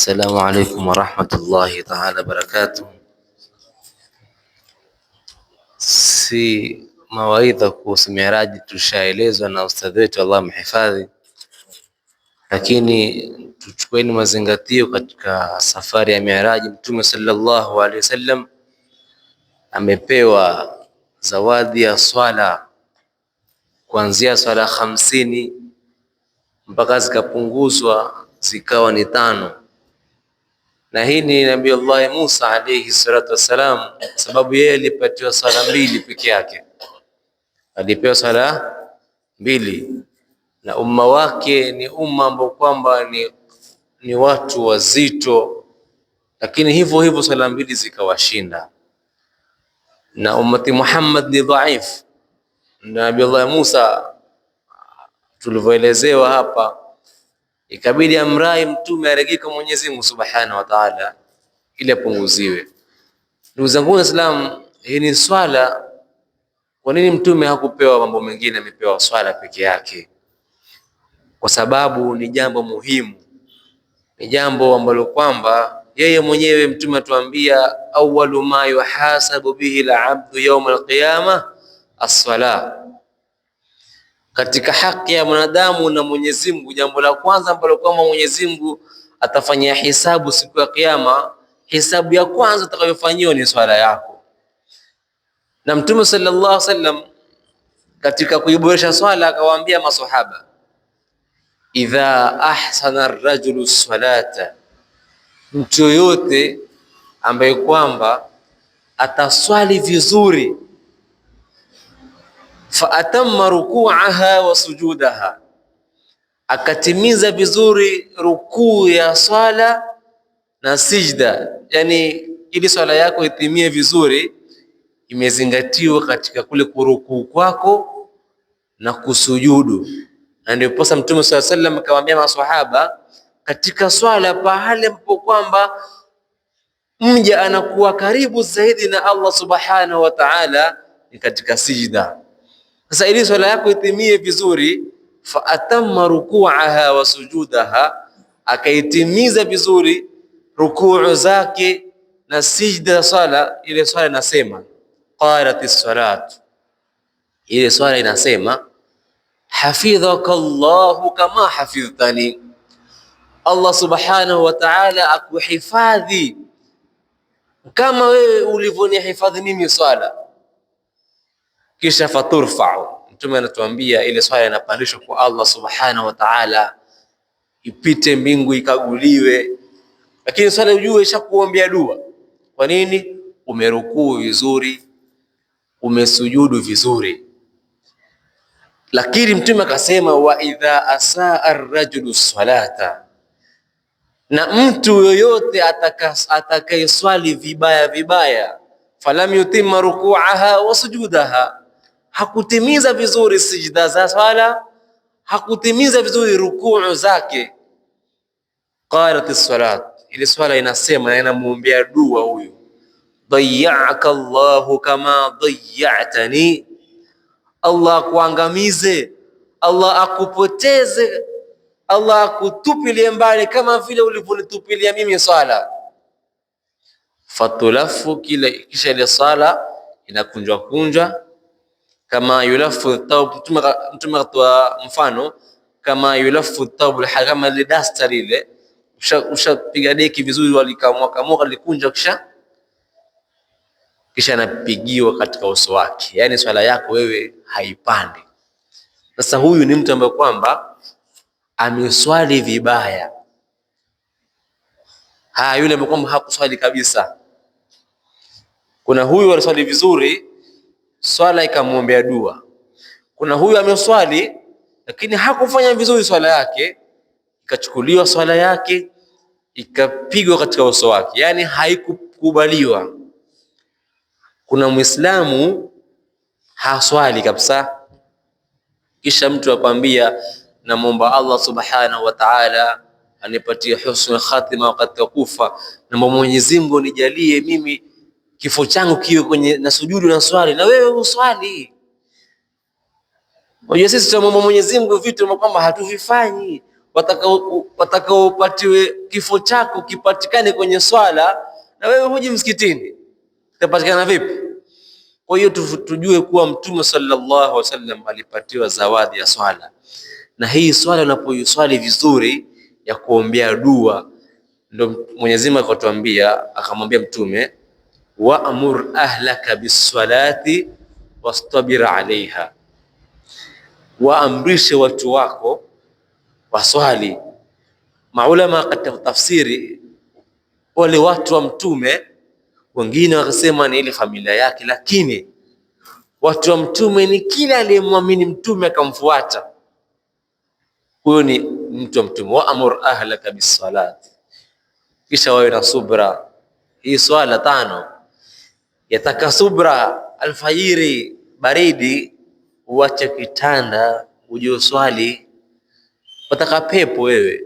Assalamu alaikum warahmatullahi taala wabarakatuh. Si mawaidha kuhusu miraji tushaelezwa na ustadhi wetu, Allah mhifadhi, lakini tuchukueni mazingatio katika safari ya miraji. Mtume sallallahu alaihi wasallam amepewa zawadi ya swala kuanzia swala hamsini mpaka zikapunguzwa zikawa ni tano na hii ni Nabii Allah Musa alayhi salatu wassalam, sababu yeye alipatiwa sala mbili peke yake, alipewa sala mbili na umma wake ni umma ambao kwamba ni, ni watu wazito, lakini hivyo hivyo sala mbili zikawashinda. Na ummati Muhammad ni dhaif na Nabii Allah Musa tulivyoelezewa hapa ikabidi amrai mtume aregee kwa Mwenyezi Mungu Subhanahu wa Ta'ala ili apunguziwe. Ndugu zangu Waislamu, hii ni swala. Kwa nini mtume hakupewa mambo mengine, amepewa swala peke yake? Kwa sababu ni jambo muhimu, ni jambo ambalo kwamba yeye mwenyewe mtume atuambia, awwalu ma yuhasabu bihi al-abdu yawm al qiyama as-salah katika haki ya mwanadamu na Mwenyezi Mungu. Jambo la kwanza ambalo kwamba Mwenyezi Mungu atafanyia hisabu siku ya Kiyama, hisabu ya kwanza utakayofanyiwa ni swala yako. Na Mtume sallallahu alaihi wasallam katika kuiboresha swala akawaambia maswahaba, idha ahsana rajulu salata, mtu yoyote ambaye kwamba ataswali vizuri fa atamma rukuaha wa sujudaha, akatimiza vizuri rukuu ya swala na sijda, yani ili swala yako itimie vizuri, imezingatiwa katika kule kurukuu kwako na kusujudu. Na ndio posa Mtume swalla sallam akawaambia maswahaba katika swala, pahali mpo kwamba mja anakuwa karibu zaidi na Allah subhanahu wa ta'ala ni katika sijda. Sasa ili swala yako itimie vizuri, fa atamma rukuaha wa sujudaha, akaitimiza vizuri rukuu zake na sijda za swala ile. Swala inasema qalat as-salat, ile swala inasema hafidhaka Allahu kama hafidhtani, Allah subhanahu wa ta'ala akuhifadhi kama wewe ulivyonihifadhi mimi swala kisha faturfau, Mtume anatuambia ile swala inapandishwa kwa Allah subhanahu wa ta'ala, ipite mbingu ikaguliwe. Lakini swala ujue ishakuombea dua. Kwa nini? Umerukuu vizuri, umesujudu vizuri. Lakini Mtume akasema, wa idha asaa arrajulu salata na mtu yoyote atakayeswali vibaya vibaya, falam yutimma rukuaha wa sujudaha, hakutimiza vizuri sijda za swala, hakutimiza vizuri rukuu zake. Qalat salat, ile swala inasema na inamuombea dua huyu, dayyaka Allahu kama dayyatani, Allah akuangamize, Allah akupoteze, Allah akutupilie mbali kama vile ulivyonitupilia mimi swala. Fatulafu kile, kisha ile swala inakunjwa kunjwa kama yulafu thawb, Mtume akatoa mfano kama yulafu thawb, kama lile dasta lile ushapiga deki vizuri, walikamwakamwa likunja, kisha kisha anapigiwa katika uso wake, yani swala yako wewe haipandi. Sasa huyu ni mtu ambaye kwamba ameswali vibaya, Haya, yule ambaye kwamba hakuswali kabisa. Kuna huyu aliswali vizuri swala ikamwombea dua. Kuna huyu ameswali lakini hakufanya vizuri swala yake, ikachukuliwa swala yake ikapigwa katika uso wake, yaani haikukubaliwa. Kuna Muislamu haswali kabisa, kisha mtu akwambia, namwomba Allah subhanahu wa ta'ala anipatie husnul khatima wakati wa kufa, naomba Mwenyezi Mungu nijalie mimi kifo changu kiwe kwenye na sujudu na swali, na wewe uswali. Unajua sisi tunamwomba Mwenyezi Mungu vitu kwamba hatuvifanyi. upatiwe kifo chako kipatikane kwenye swala, na wewe huji msikitini, itapatikana vipi? Kwa hiyo tujue kuwa Mtume sallallahu alaihi wasallam alipatiwa zawadi ya swala, na hii swala unapoiswali vizuri, ya kuombea dua, ndio Mwenyezi Mungu akatuambia, akamwambia Mtume wa'mur ahlaka bisalati wastabir alaiha, waamrishe watu wako waswali. Maulama katika tafsiri wale watu wa Mtume wengine wakasema ni ile familia yake, lakini watu wa Mtume ni kila aliyemwamini Mtume akamfuata, huyo ni mtu wa Mtume. Waamur ahlaka bisalati, kisha wawe na subra. Hii swala tano Yatakasubra alfajiri baridi, uache kitanda uje uswali, wataka pepo wewe,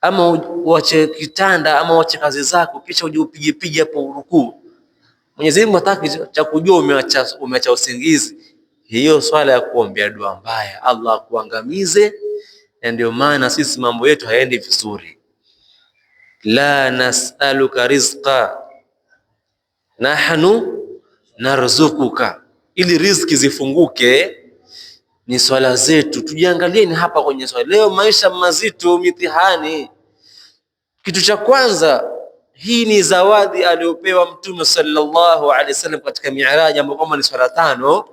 ama uache kitanda ama uache kazi zako, kisha uje upige pige hapo urukuu. Mwenyezi Mungu hataki cha kujua umeacha umeacha usingizi. Hiyo swala ya kuombea dua mbaya, Allah akuangamize. Na ndio maana sisi mambo yetu hayaendi vizuri. La nasaluka rizqa nahnu narzukuka, ili riziki zifunguke ni swala zetu. Tujiangalieni hapa kwenye swala leo, maisha mazito, mitihani. Kitu cha kwanza, hii ni zawadi aliyopewa Mtume sallallahu alaihi wasallam katika Miraji, ambapo kama ni swala tano.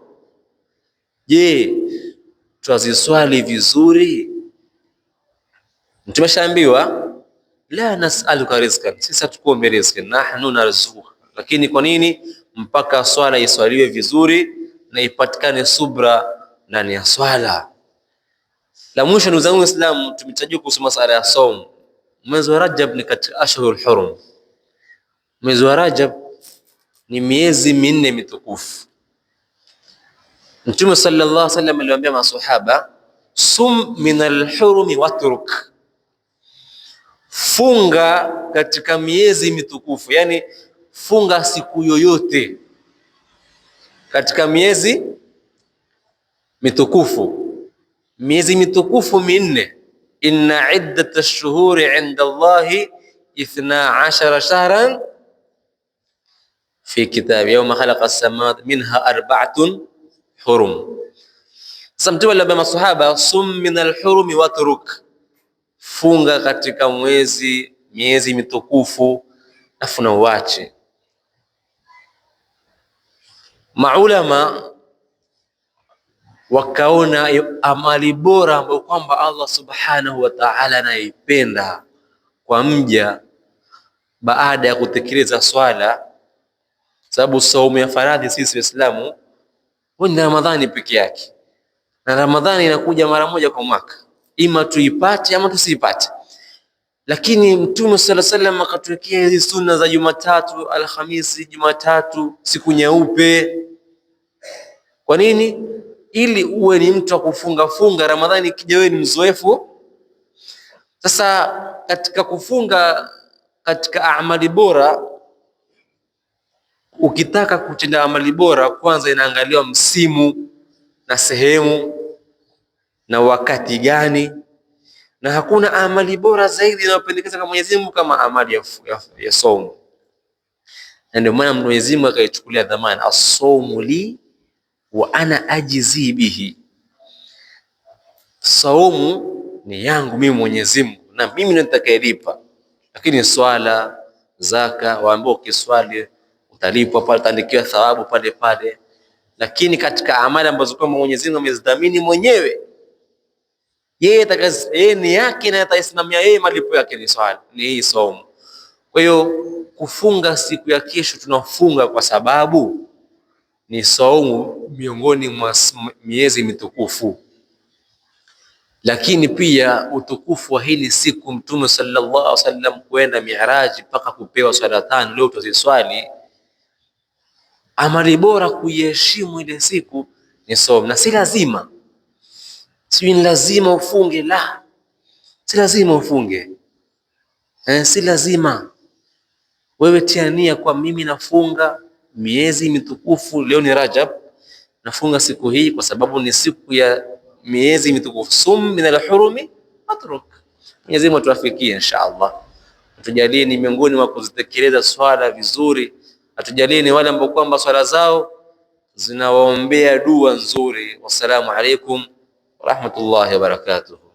Je, twaziswali vizuri? Mtume la nasaluka rizqan, sisi hatukuombe riziki, nahnu narzukuka lakini kwa nini mpaka swala iswaliwe vizuri na ipatikane subra ndani ya swala? La mwisho, ndugu zangu Waislamu, tumetajua kuhusu masala ya saumu. Mwezi wa Rajab ni katika ashhurul hurum. Mwezi wa Rajab ni miezi minne mitukufu. Mtume sallallahu alaihi wasallam aliwaambia maswahaba, sum min alhurumi watruk, funga katika miezi mitukufu, yani funga siku yoyote katika miezi mitukufu, miezi mitukufu minne. Inna iddata shuhuri inda Allahi ithna ashara shahran fi kitabi yawma khalaqa as-samawati minha arba'atun hurum. Sasa Mtume masahaba, sum min alhurumi watruk, funga katika mwezi miezi mitukufu, afu na uache maulama wakaona amali bora ambayo kwamba Allah subhanahu wa ta'ala anaipenda kwa mja baada ya kutekeleza swala, sababu saumu ya faradhi sisi Waislamu huwa ni Ramadhani peke yake, na Ramadhani inakuja mara moja kwa mwaka, ima tuipate ama tusiipate. Lakini Mtume sala salam akatuwekea hizi sunna za Jumatatu, Alhamisi, Jumatatu, siku nyeupe. Kwa nini? Ili uwe ni mtu wa kufunga funga, Ramadhani ikija wewe ni mzoefu. Sasa katika kufunga, katika amali bora, ukitaka kutenda amali bora, kwanza inaangaliwa msimu na sehemu na wakati gani na hakuna amali bora zaidi inayopendekeza kwa Mwenyezi Mungu kama amali ya, ya, ya somo. Na ndio maana Mwenyezi Mungu akaichukulia dhamana asomu li wa ana ajizi bihi, saumu ni yangu mimi Mwenyezi Mungu na mimi ndio nitakayelipa. Lakini swala, zaka, waambie ukiswali utalipwa pale, utaandikiwa thawabu pale pale, lakini katika amali ambazo kwa Mwenyezi Mungu amezidhamini mwenyewe yeye yeye ni yake na ataisimamia yeye, malipo yake ni swali, ni hii somo. Kwa hiyo kufunga siku ya kesho, tunafunga kwa sababu ni saumu miongoni mwa miezi mitukufu, lakini pia utukufu wa hili siku, Mtume sallallahu alaihi wasallam kuenda miaraji mpaka kupewa swala tano, leo tuziswali, Amali bora kuiheshimu ile siku ni saumu, na si lazima sijui ni lazima ufunge. La, si lazima ufunge eh, si lazima wewe. Tia nia kwa mimi nafunga miezi mitukufu, leo ni Rajab, nafunga siku hii kwa sababu ni siku ya miezi mitukufu. sum min alhurumi atruk. Mwenyezi Mungu atuafikie inshallah, atujalie ni miongoni mwa kuzitekeleza swala vizuri, atujalie ni wale ambao kwamba swala zao zinawaombea dua nzuri. Wassalamu alaikum রহমতুল্লাহ বারকাতুহ